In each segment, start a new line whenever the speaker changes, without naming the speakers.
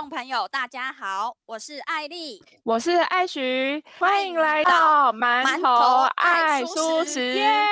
觀眾朋友大家好，我是艾麗，我是艾徐，歡迎來到饅頭愛素食。食 yeah!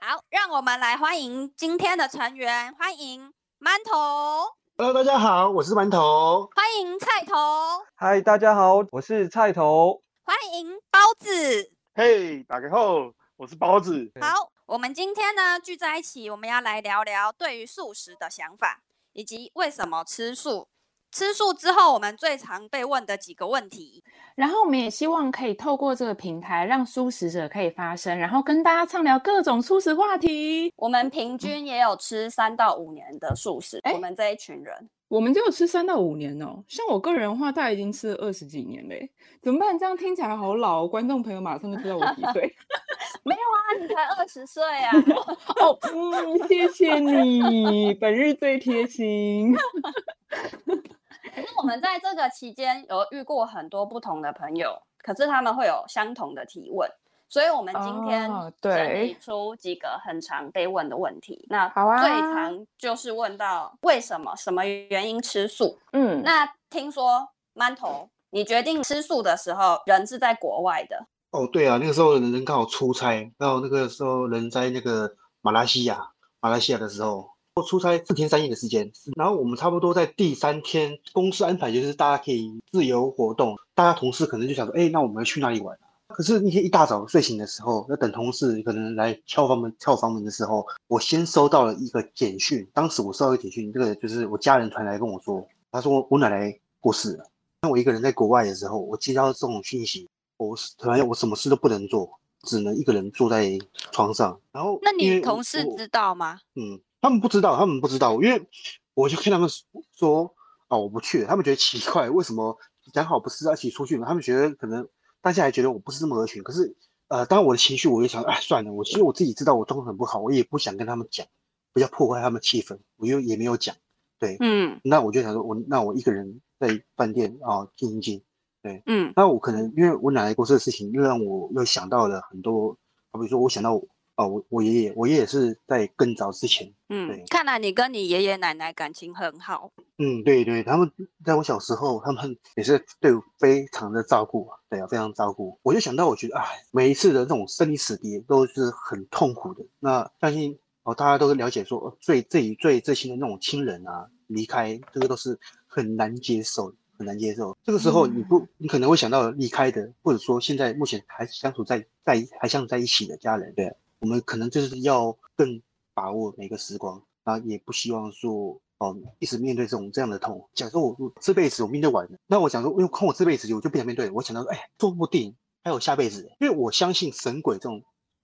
好，讓我們來歡迎今天的成員，歡迎饅頭。
Hello，大家好，我是饅頭。
歡迎菜頭。
Hi，大家好，我是菜頭。
歡迎包
子。Hey，大家好，我是包子。好，
我們今天呢聚在一起，我們要來聊聊對於素食的想法。以及為什麼吃素？吃素之後，我們最常被問的幾個問題。
然後，我們也希望可以透過這個平台，讓素食者可以
發聲，然後跟大家暢聊各種素食話題。我們平均也有吃三到五年的素食，欸。我們這一群人。
我們只有吃三到五年了哦，像我個人的話，大概已經吃了二十幾年嘞，怎麼辦？這樣聽起來好老，觀眾朋友馬上就知道我幾歲。
沒有啊，你才二十歲啊！
哦，嗯，謝謝你， 本日最貼心。
可是我們在這個期間有遇過很多不同的朋友，可是他們會有相同的提問。所以我們今天對，提出幾個很常被問的問題。Oh, 那最常就是問到為什麼、好啊、什麼原因吃素？嗯，那聽說饅頭，Mantle, 你決定吃素的時候，人是在國外的。
哦, oh, 對啊，那個時候人，人剛好出差，然後那個時候人在那個馬來西亞，馬來西亞的時候出差四天三夜的時間。然後我們差不多在第三天，公司安排就是大家可以自由活動，大家同事可能就想說，哎，那我們要去哪裡玩？可是那天一大早睡醒的時候，要等同事可能來敲房門敲房門的時候，我先收到了一個簡訊。當時我收到一個簡訊，這個就是我家人傳來跟我說，他說我奶奶過世了。啊。那我一個人在國外的時候，我接到這種訊息，我是突然我什麼事都不能做，只能一個人坐在床上。
然後，那你同事知道嗎？
嗯，他們不知道，他們不知道，因為我就跟他們說啊，哦，我不去。他們覺得奇怪，為什麼講好不是要一起出去嗎？他們覺得可能。大家還覺得我不是這麼合群，可是，呃，當我的情緒，我就想，哎，算了，我其實我自己知道我狀況很不好，我也不想跟他們講，不要破壞他們氣氛，我又也沒有講，對，嗯，那我就想說我，我那我一個人在飯店啊靜一靜，對，嗯，那我可能因為我奶奶過世的事情，又讓我又想到了很多，好比如說我想到我。我我爺爺，我爺爺是在更早之前。嗯，
對，看來你跟你爺爺奶奶感情很好。
嗯，對對，他們在我小時候，他們也是對我非常的照顧，對啊，非常照顧。我就想到，我覺得，哎，每一次的這種生離死別都是很痛苦的。那相信哦，大家都是了解說，說最最最最親的那種親人啊，離開這個都是很難接受，很難接受。嗯，這個時候，你不，你可能會想到離開的，或者說現在目前還相處在在還相處在一起的家人，對啊。我們可能就是要更把握每個時光，然、啊、後也不希望說，哦、呃，一直面對這種這樣的痛。假如我我這輩子我面對完了，那我想說，因為看我這輩子我就不想面對，我想到說，哎、欸，說不定還有下輩子，因為我相信神鬼這種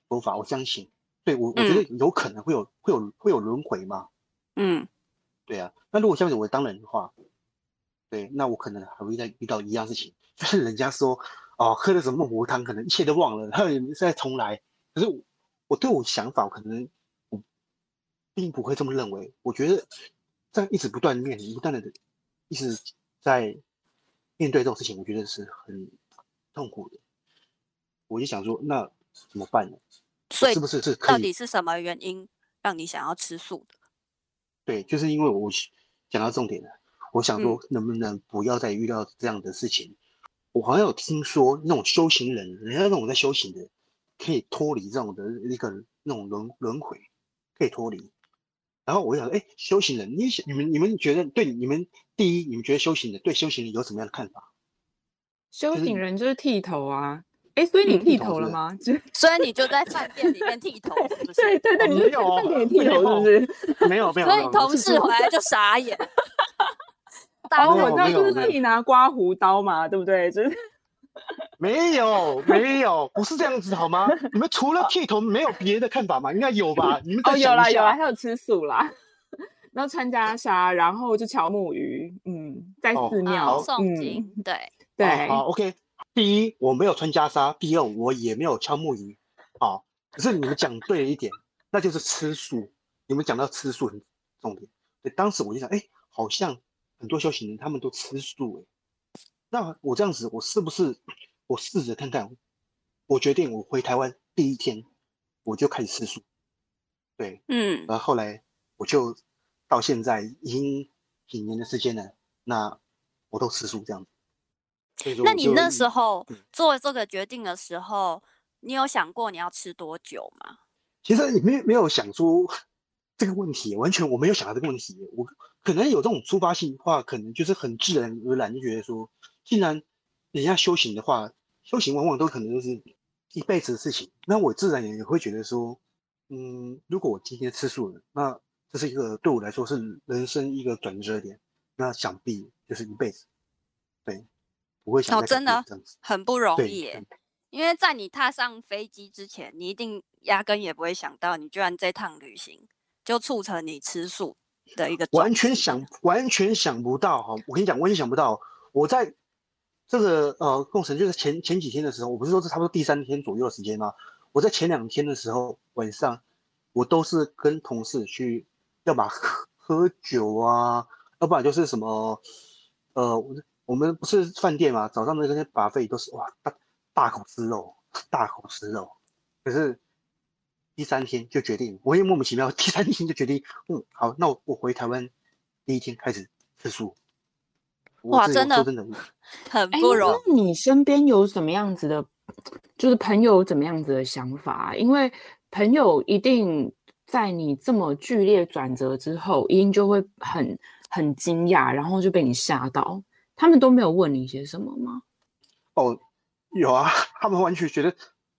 說法，我相信，對我我覺得有可能會有、嗯、會有會有輪迴嘛。嗯，對啊，那如果下輩子我當人的話，對，那我可能還會再遇到一樣事情。就是人家說，哦、呃，喝了什麼孟婆湯，可能一切都忘了，他再重來。可是。我對我想法，可能我並不會這麼認為。我覺得在一直不斷面臨、不斷的一直在面對這種事情，我覺得是很痛苦的。我就想說，那怎麼辦呢？
所以是不是是到底是什麼原因讓你想要吃素的？
對，就是因為我講到重點了。我想說，能不能不要再遇到這樣的事情？嗯，我好像有聽說那種修行人，人家那種在修行的。可以脫離這種的一個那種輪輪迴，可以脫離。然後我想說，哎、欸，修行人，你想你們你們覺得對你們第一，你們覺得修行人對修行人有什麼樣的看法？
修行人就是剃頭啊！哎、就
是欸，所以你剃頭了嗎？嗯、是是，所以你就在飯店裡面剃頭是
是 對，對對對、哦，你就在
飯店剃頭是不是？沒有沒有，沒有 所以同事回來就傻眼，打 我、哦，那就是自己拿刮鬍
刀嘛，沒有沒有對不對？就是。
沒有，沒有，不是這樣子，好嗎？ 你們除了剃頭，沒有別的看法嗎？ 應該有吧？你們都、哦、有啦，有啦，還
有吃素啦。然後 穿袈裟，然後就敲木魚，嗯，在寺廟誦經，
對對、哦。好，OK。
第一，我沒有穿袈裟；第二，我也沒有敲木魚。好、哦，可是你們講對了一點， 那就是吃素。你們講到吃素很重點，對，當時我就想，哎、欸，好像很多修行人他們都吃素，哎，那我這樣子，我是不是？我試着看看，我決定我回台灣第一天我就開始吃素，對，嗯，然後後來我就到現在已經幾年的時間了，那我都吃素這樣子。那你那時候
做這個決定的時候，嗯、你有想過你要吃多久嗎？
其實你沒沒有想出這個問題，完全我沒有想到這個問題，我可能有這種突發性的話，可能就是很自然而然就覺得說，既然人家修行的話。修行往往都可能就是一輩子的事情，那我自然也會覺得說，嗯，如果我今天吃素了，那這是一個對我來說是人生一個轉折點，那想必就是一輩子，對，
不會想到。哦，真的啊，很不容易耶，嗯，因為在你踏上飛機之前，你一定壓根也不會想到，你居然這趟旅行就促成你吃素
的一個完全想完全想不到哈，我跟你講，完全想不到，我在。這個呃，過程就是前前幾天的時候，我不是說是差不多第三天左右的時間嗎？我在前兩天的時候晚上，我都是跟同事去要，要嘛，喝喝酒啊，要不然就是什麼，呃，我們不是飯店嘛，早上的那些 buffet 都是哇，大，大口吃肉，大口吃肉。可是第三天就決定，我也莫名其妙，第三天就決定，嗯，好，那我我回台灣第一天開始吃素。
哇，真的，
很不容易。欸，那你身邊有什麼樣子的，就是朋友怎麼樣子的想法啊？因為朋友一定在你這麼劇烈轉折之後，一定就會很很驚訝，然後就被你嚇到。他們都沒有問你一些什麼嗎？
哦，有啊，他們完全覺得，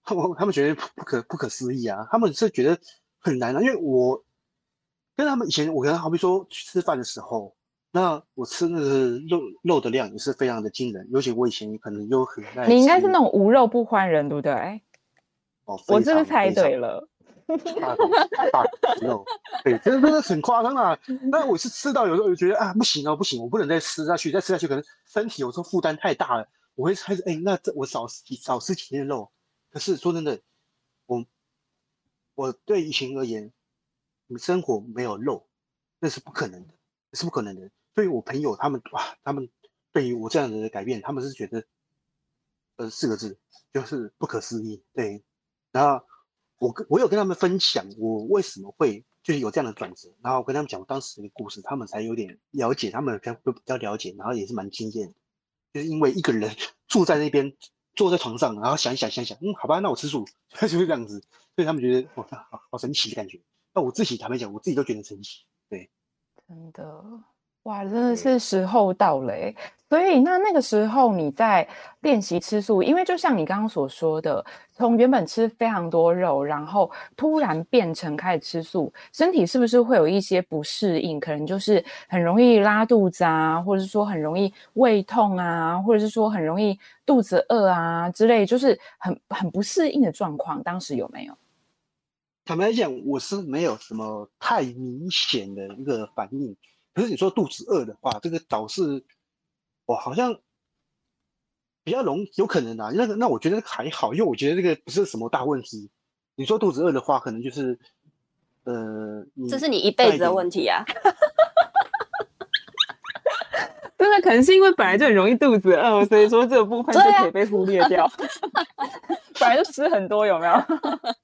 他們他們覺得不可不可思議啊，他們是覺得很難啊，因為我跟他們以前，我跟他們好比說去吃飯的時候。那我吃的肉肉的量也是非常的驚人，尤其我以前可能有很愛吃。你應該是那
種無肉不歡人，對不對？哦，
我真的猜對了。大肉， 大大 對，真的真的很誇張啊！那我是吃到有時候我覺得啊，不行啊、哦，不行，我不能再吃下去，再吃下去可能身體有時候負擔太大了。我會猜。哎、欸，那我少吃少吃幾天肉。可是說真的，我我對以前而言，生活沒有肉，那是不可能的，是不可能的。對於我朋友他們，哇，他們對於我這樣的改變，他們是覺得，呃，四個字就是不可思議。對，然後我跟我有跟他們分享我為什麼會就是有這樣的轉折，然後我跟他們講我當時的故事，他們才有點了解，他們才比，比較了解，然後也是蠻驚艷，就是因為一個人坐在那邊，坐在床上，然後想一想，想一想，嗯，好吧，那我吃素，就是這樣子。所以他們覺得哇，好好神奇的感覺。那我自己坦白講，我自己都覺得神奇，對，
真的。哇，真的是時候到了欸，所以那那個時候你在練習吃素，因為就像你剛剛所說的，從原本吃非常多肉，然後突然變成開始吃素，身體是不是會有一些不適應？可能就是很容易拉肚子啊，或者是說很容易胃痛啊，或者是說很容易肚子餓啊之類，就是很很不適應的狀況。當時有沒有？
坦白講，我是沒有什麼太明顯的一個反應。可是你說肚子餓的話，這個倒是，我好像比較容易有可能啊。那個，那我覺得還好，因為我覺得這個不是什麼大問題。你說肚子餓的話，可能就是，呃，這是你一輩子的問題啊。
真的， 可能是因為本來就很容易肚子餓，所以說這個部分就可以被忽略掉。啊、 本來就吃很多，有沒有？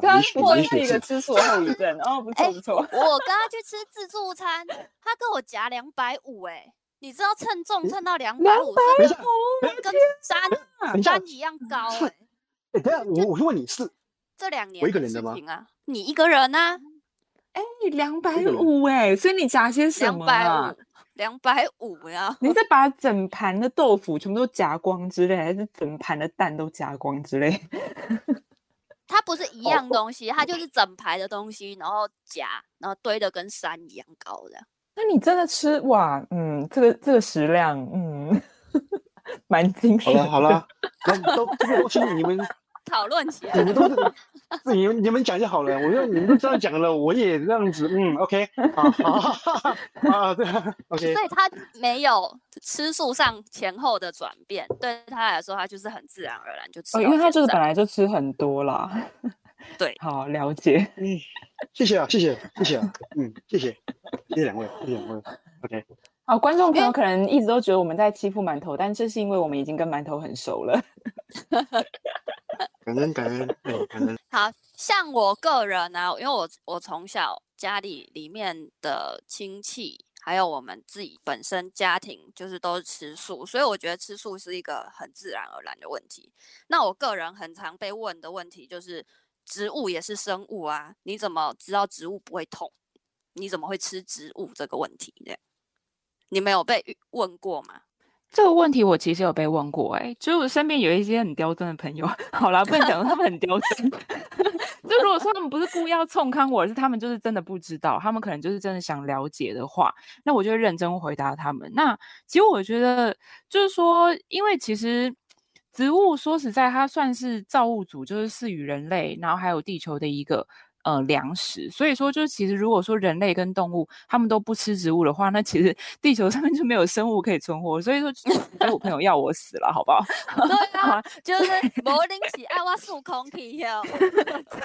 對，你是一個吃素的後遺症哦，不錯、欸、不錯。我剛剛去吃自助餐， 他跟我夾兩百五，哎，你知道稱重稱到兩百五，兩百五跟山山一樣高、
欸，哎、欸，等下我我是問你是，
這兩年、啊、我一個人的嗎？你一個人啊？哎、欸，兩百五，
哎，所以你夾些什麼
兩百五呀？
你再把整盤的豆腐全部都夾光之類，還是整盤的蛋都夾光之類？
它不是一樣東西、哦，它就是整排的東西、哦，然後夾，然後堆的跟山一樣高的。
那你真的吃哇？嗯，這個這個食量，嗯，呵呵蠻精神的。好了
好了，那都是你們 討論起來，
你們你們講就好了， 我用你們都這樣講了，我也這樣子，嗯，OK，
好好 啊，對，OK。所以他
沒有吃素上前後的轉變，對他來說，他就是很自然而然就吃了。哦，因為
他就是本來就吃很多啦。 對，好，了解，嗯，謝謝啊，謝謝，謝謝啊，嗯，謝謝，謝謝兩、 嗯、位，謝謝兩位，OK。哦，觀眾朋友可能一直都覺得我們在欺負饅頭，但這是因為我們已經跟饅頭很熟了。可 能，可能，
可能。好像我個人呢，啊，因為我我從小家裡裡面的親戚，還有我們自己本身家庭，就是都是吃素，所以我覺得吃素是一個很自然而然的問題。那我個人很常被問的問題就是，植物也是生物啊，你怎麼知道植物不會痛？你怎麼會吃植物？這個問題對。你沒有被問過嗎？這個問題
我其實有被問過。欸，就身邊有一些很刁鑽的朋友。好啦，不能講他們很刁鑽。 就如果說他們不是故意要衝康我，而是他們就是真的不知道，他們可能就是真的想了解的話，那我就會認真回答他們。那其實我覺得就是說，因為其實植物說實在，它算是造物主，就是賜予人類，然後還有地球的一個。呃，糧食，所以說，就是其實，如果說人類跟動物他們都不吃植物的話，那其實地球上面就沒有生物可以存活。所以說，我朋友要我死了， 好不好？
對就是摩頂起愛挖空可以料，
真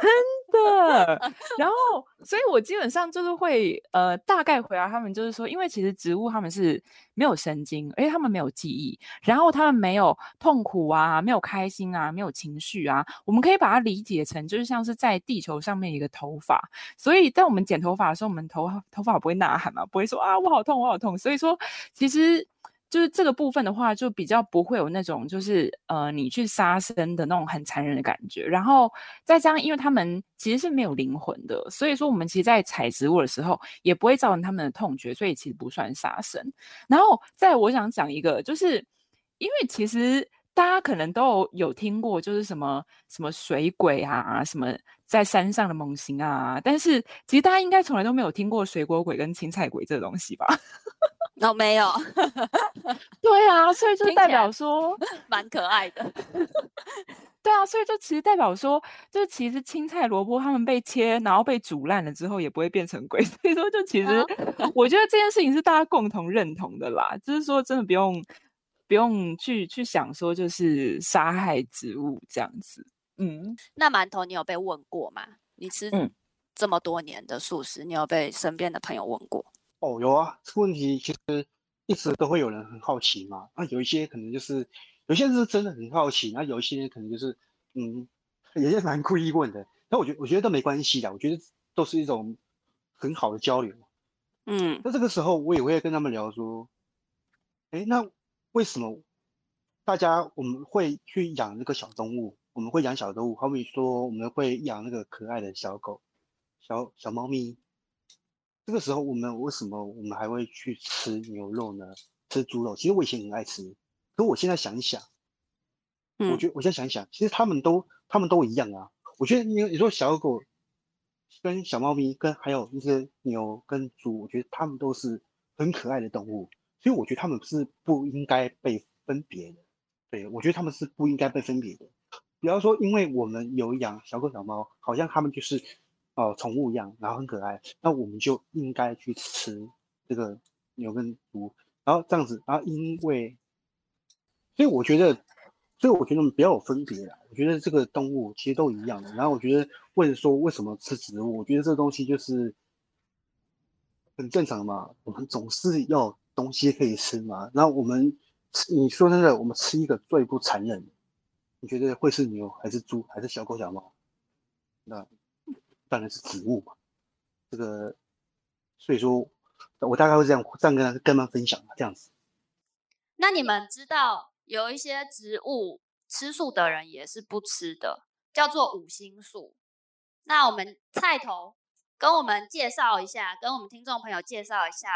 的。然後，所以我基本上就是會呃，大概回答他們，就是說，因為其實植物他們是沒有神經，而且他們沒有記憶，然後他們沒有痛苦啊，沒有開心啊，沒有情緒啊。我們可以把它理解成，就是像是在地球上面一個。頭髮，所以在我們剪頭髮的時候，我們頭頭髮不會吶喊嘛、啊，不會說啊，我好痛，我好痛。所以說，其實就是這個部分的話，就比較不會有那種就是呃，你去殺生的那種很殘忍的感覺。然後再加上因為他們其實是沒有靈魂的，所以說我們其實，在採植物的時候也不會造成他們的痛覺，所以其實不算殺生。然後，再我想講一個，就是因為其實大家可能都有聽過，就是什麼什麼水鬼啊，什麼。在山上的猛禽啊，但是其實大家應該從來都沒有聽過水果鬼跟青菜鬼這個東西吧？
哦，沒有。 對啊，所以就代表說，蠻可愛的。
對啊，所以就其實代表說，就其實青菜、蘿蔔他們被切，然後被煮爛了之後，也不會變成鬼。所以說，就其實我覺得這件事情是大家共同認同的啦。 就是說，真的不用不用去去想說，就是殺害植物這樣子。
嗯，那饅頭你有被問過嗎？你吃這麼多年的素食，你有被身邊的朋友問過？
哦，有啊，這個問題其實一直都會有人很好奇嘛。那、啊、有一些可能就是，有些人是真的很好奇，那、啊、有一些可能就是，嗯，有些蠻故意問的。那我覺我覺得都沒關係的，我覺得都是一種很好的交流。嗯，那這個時候我也會跟他們聊說，哎，那為什麼大家我們會去養那個小動物？我們會養小動物，好比說我們會養那個可愛的小狗、小小貓咪。這個時候，我們為什麼我們還會去吃牛肉呢？吃豬肉？其實我以前很愛吃，可我現在想一想，
我覺得我現
在想一想，其實他們都他們都一樣啊。我覺得你你說小狗跟小貓咪跟還有那些牛跟豬，我覺得他們都是很可愛的動物，所以我覺得他們是不應該被分別的。對，我覺得他們是不應該被分別的。比方說，因為我們有養小狗、小貓，好像他們就是哦、呃、寵物一樣，然後很可愛，那我們就應該去吃這個牛跟豬，然後這樣子啊，然後因為所以我覺得，所以我覺得我們不要有分別啦。我覺得這個動物其實都一樣的。然後我覺得，為了說為什麼吃植物，我覺得這東西就是很正常嘛，我們總是要東西可以吃嘛。然後我們，你說真的，我們吃一個最不殘忍的。你覺得會是牛還是豬還是小狗小貓？那當然是植物嘛。這個，所以說，我大概會這樣這樣跟他跟他分享這樣子。
那你們知道有一些植物吃素的人也是不吃的，叫做五辛素。那我們菜頭跟我們介紹一下，跟我們聽眾朋友介紹一下，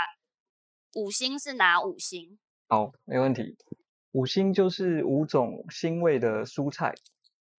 五辛是哪五辛？
好、哦，沒問題。五辛就是五種辛味的蔬菜，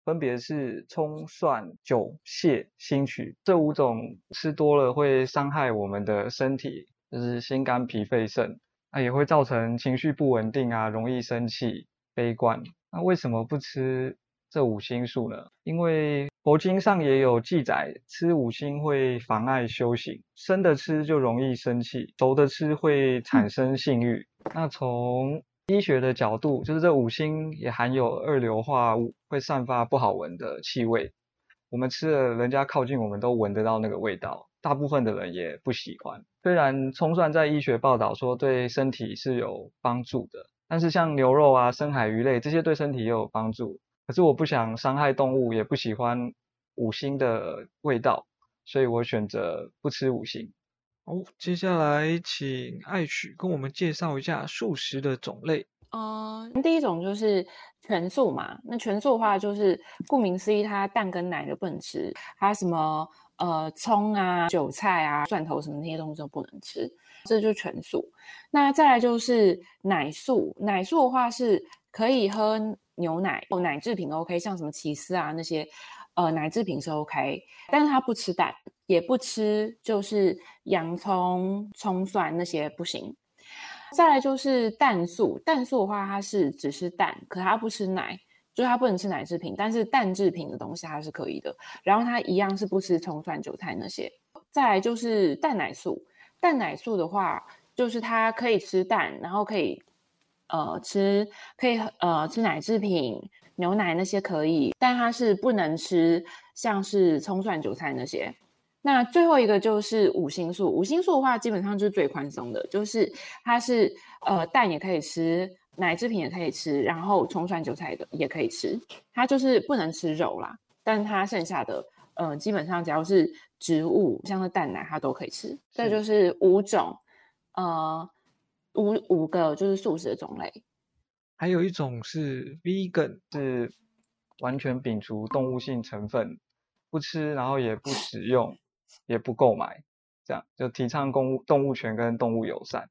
分別是蔥、蒜、韭、薤、興渠。這五種吃多了會傷害我們的身體，就是心、肝、脾、肺、腎，那也會造成情緒不穩定啊，容易生氣、悲觀。那為什麼不吃這五辛素呢？因為佛經上也有記載，吃五辛會妨礙修行，生的吃就容易生氣，熟的吃會產生性慾。那從醫學的角度，就是這五辛也含有二硫化物，會散發不好聞的氣味。我們吃了，人家靠近我們都聞得到那個味道，大部分的人也不喜歡。雖然蔥蒜在醫學報道說對身體是有幫助的，但是像牛肉啊、深海魚類這些對身體也有幫助。可是我不想傷害動物，也不喜歡五辛的味道，所以我選擇不吃五辛。接下來請愛曲跟我們介紹一下素食的種類。
嗯、呃，第一種就是全素嘛。那全素的話，就是顧名思義，它蛋跟奶都不能吃。它什麼呃，蔥啊、韭菜啊、蒜頭什麼那些東西都不能吃，這是就是全素。那再來就是奶素，奶素的話是可以喝牛奶、奶製品都 OK，像什麼起司啊那些，呃，奶製品是 OK，但是它不吃蛋。也不吃，就是洋蔥、蔥蒜那些不行。再來就是蛋素，蛋素的話，它是只吃蛋，可它不吃奶，就它不能吃奶製品，但是蛋製品的東西它是可以的。然後它一樣是不吃蔥蒜、韭菜那些。再來就是蛋奶素，蛋奶素的話，就是它可以吃蛋，然後可以呃吃，可以呃吃奶製品、牛奶那些可以，但它是不能吃，像是蔥蒜、韭菜那些。那最後一個就是五辛素。五辛素的話，基本上就是最寬鬆的，就是它是呃蛋也可以吃，奶製品也可以吃，然後蔥蒜韭菜的也可以吃。它就是不能吃肉啦，但它剩下的呃基本上只要是植物，像是蛋奶，它都可以吃。這就是五種呃五五個就是素食的種類。
還有一種是 vegan，是完全摒除動物性成分，不吃，然後也不使用。也不購買，這樣就提倡動物動物權跟動物友善。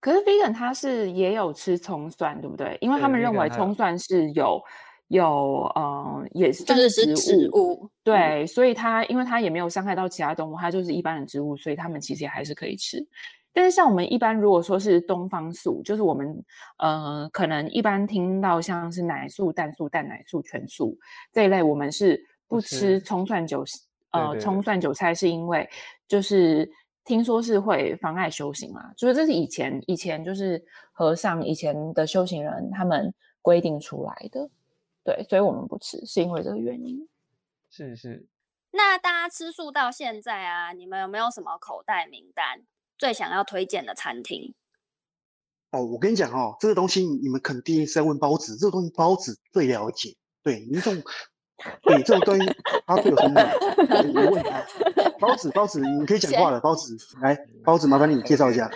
可是 Vegan 他是也有吃蔥蒜，對不對？因為他們認為蔥蒜是有有嗯、呃，也是植物。就是是植物。對，嗯、所以他因為他也沒有傷害到其他動物，他就是一般的植物，所以他們其實也還是可以吃、嗯。但是像我們一般如果說是東方素，就是我們呃可能一般聽到像是奶素、蛋素、蛋奶素、全素這一類，我們是不吃蔥蒜酒。呃，蔥蒜韭菜是因為，就是聽說是會妨礙修行嘛，就是這是以前以前就是和尚以前的修行人他們規定出來的，對，所以我們不吃是因為這個原因。
是是。
那大家吃素到現在啊，你們有沒有什麼口袋名單，最想要推薦的餐廳？
哦，我跟你講哦，這個東西你們肯定是在問包子，這個東西包子最了解，對，民眾。 你、 欸、這種他對有什麼、
欸、問他、啊，
包子，包子，你可以講話了，包子，來，包子，麻煩你介紹一下。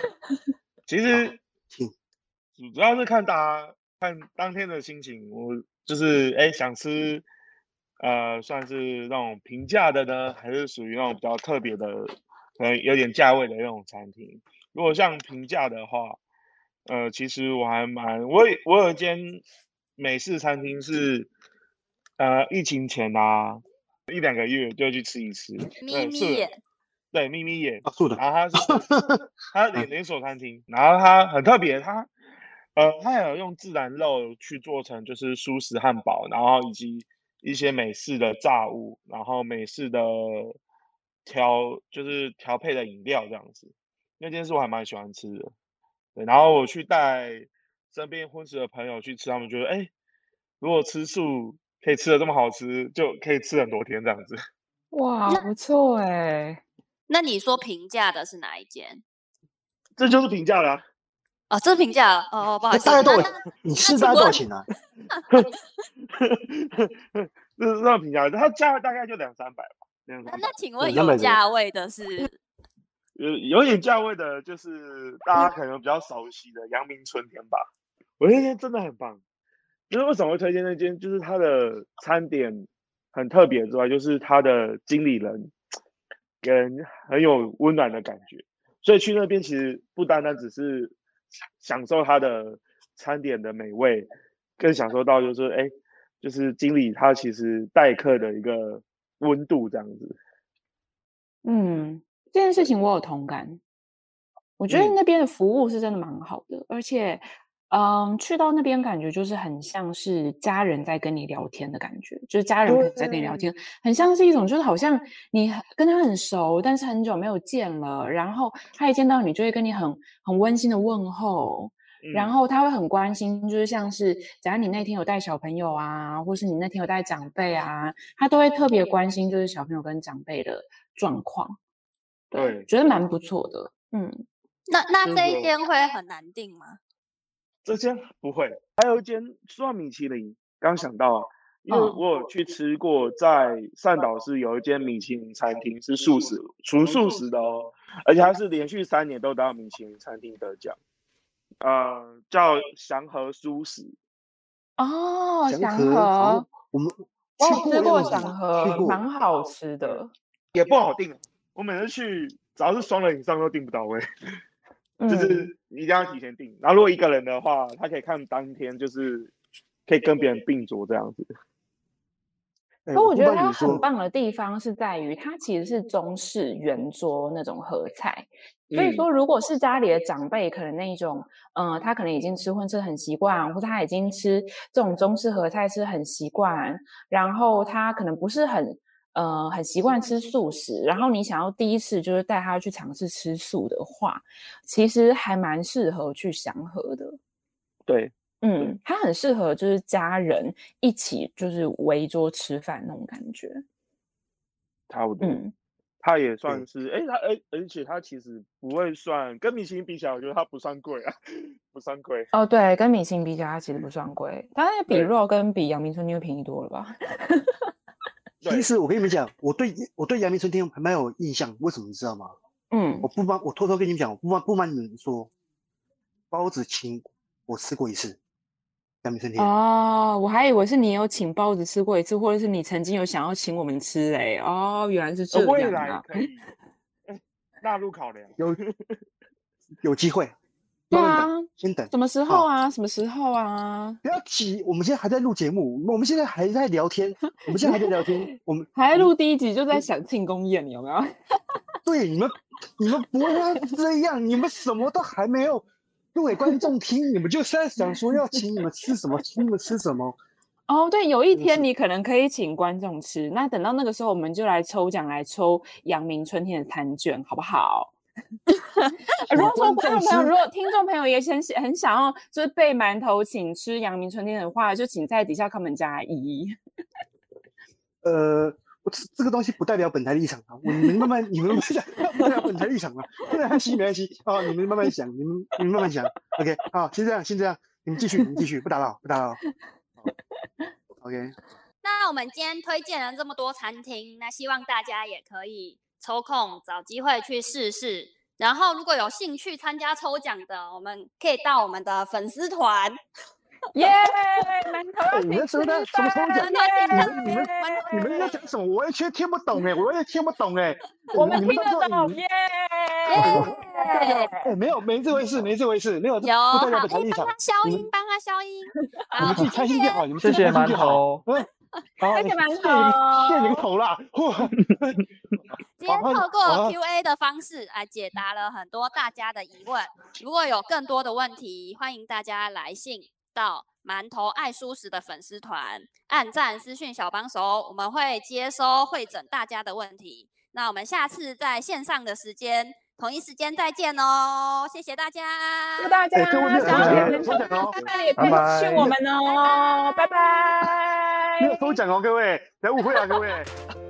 其實，
主、啊、主要是看大家看當天的心情，我就是、欸、想吃，呃，算是那種平價的呢，還是屬於那種比較特別的，可、呃、能有點價位的那種餐廳。如果像平價的話，呃，其實我還蠻，我我有一間美式餐廳是。呃，疫情前吶、啊，一兩個月就去吃一次，素的，對，咪咪眼，素的。然後它是它是 連，連鎖餐廳，然後它很特別，它呃，它有用自然肉去做成就是蔬食漢堡，然後以及一些美式的炸物，然後美式的調就是調配的飲料這樣子。那件事我還蠻喜歡吃的，對。然後我去帶身邊葷食的朋友去吃，他們覺得哎，如果吃素，可以吃的這麼好吃，就可以吃很多天這樣子，哇，不錯哎、欸。
那你說平價的是哪一間？
這就是平價的啊。哦，這是平
價哦哦，不好意思。大你吃大概多少錢
呢？呵平價，它價位大概就兩三百吧兩三百、啊，
那請問有價位的是？
有有點價位的，就是大家可能比較熟悉的陽明春天吧。我那天真的很棒。就是為什麼會推薦那間？就是它的餐點很特別之外，就是它的經理人，給人很有溫暖的感覺。所以去那邊其實不單單只是享受它的餐點的美味，更享受到就是說，哎、欸，就是經理他其實待客的一個溫度這樣子。嗯，
這件事情我有同感。我覺得那邊的服務是真的蠻好的，嗯、而且。嗯，um, 去到那邊感覺就是很像是家人在跟你聊天的感覺，就是家人在跟你聊天，oh, 很像是一種就是好像你跟他很熟，但是很久沒有見了，然後他一見到你就會跟你很很溫馨的問候、嗯，然後他會很關心，就是像是假如你那天有帶小朋友啊，或是你那天有帶長輩啊，他都會特別關心就是小朋友跟長輩的狀況，對，對，覺得蠻不錯的，嗯，
那那這一天會很難定嗎？
這間不會，還有一間算米其林，剛想到，因為我有去吃過，在汕島市有一間米其林餐廳是素食，純素食的哦，而且它是連續三年都得到米其林餐廳得獎，呃，叫祥和蔬食，哦，祥和，祥和啊、我們去吃過祥和過，蠻好吃的，也不好訂，我每次去只要是雙人以上都訂不到位。就是一定要提前訂。然後如果一個人的話，他可以看當天，就是可以跟別人併桌這樣子。可、哎、我覺得它很
棒的地方是在於，他其實是中式圓桌那種合菜、嗯。所以說，如果是家裡的長輩，可能那一種，嗯、呃，他可能已經吃葷菜很習慣，或者他已經吃這種中式合菜吃很習慣，然後他可能不是很。呃，很習慣吃素食，然後你想要第一次就是帶他去嘗試吃素的話，其實還蠻適合去祥和的。對，嗯，他很適合就是家人一起就是圍桌吃飯那種感覺。
他，嗯，他也算是，哎、欸，他而而且他其實不會算，跟米其林比起來，我覺得他不算貴啊，不算貴。哦，
對，跟米其林比較，他其實不算貴，嗯，他也比肉跟比楊明春牛便，便宜多了吧。 其實我跟你們講，
我對我對陽明春天還蠻有印象，為什麼你知道嗎？嗯，我不瞞，我偷偷跟你們講，我不瞞不瞞你們說，包子請我吃過一次，陽明春
天哦，我還以為是你有請包子吃過一次，或者是你曾經有想要請我們吃嘞、欸、哦，原來是這樣啊，
納入考量，有
有機會。對啊，先等什麼時候啊？什麼時候啊？不要急，
我們現在還在錄節目，我們現在還在聊天， 我們現在還在聊天。我們
還在錄第一集就在想慶功宴，你有沒有？對，你們你們不要這樣， 你
們什麼都還沒有錄給觀眾聽， 你們就在想說要請你們吃什麼， 請你們吃什麼？
哦，對，有一天你可能可以請觀眾吃，那等到那個時候我們就來抽獎，來抽陽明春天的餐券，好不好？ 如果觀眾朋友，如果聽眾朋友也很很想要，就是被饅頭請吃陽明春天的話，就請在底下 comment 加一，一。
呃，我這這個東西不代表本台立場啊，你們慢慢， 你們辦 不要不要本台立場啊，
沒關係，沒關係，好、
哦，你們慢慢想，你們你們慢慢想 ，OK，好、哦，先這樣，先這樣，你們繼續，你們繼續，不打擾，不打擾
，OK。那我們今天推薦了這麼多餐廳，那希望大家也可以。抽空找機會去試試，然後如果有興趣參加抽獎的，我們可以到我們的粉絲團、yeah,
欸。耶，饅頭，你們說的什麼時候獎？你們你們你們在講什麼？我完全聽不懂哎，我也聽不懂哎。 我們聽得懂耶耶、yeah,
欸欸，
沒有沒這回事，沒這回事，沒有。彈彈有，幫他消音，
幫、欸、他消音。你們自己開
心就好，謝謝饅頭。謝謝饅頭，謝你個頭了。
今天透過 Q&A
的方式來解答了很多大家的疑問。如果有更多的問題，歡迎大家來信到饅頭愛蔬食的粉絲團，按讚私訊小幫手，我們會接收彙整大家的問題。那我們下次在線上的時間，同一時間再見哦，謝謝大家，祝大
家身體健康，拜拜，也可以拜、拜。歡
迎
去我
們哦，拜拜。沒有抽獎哦，各位，別誤會啊，各位。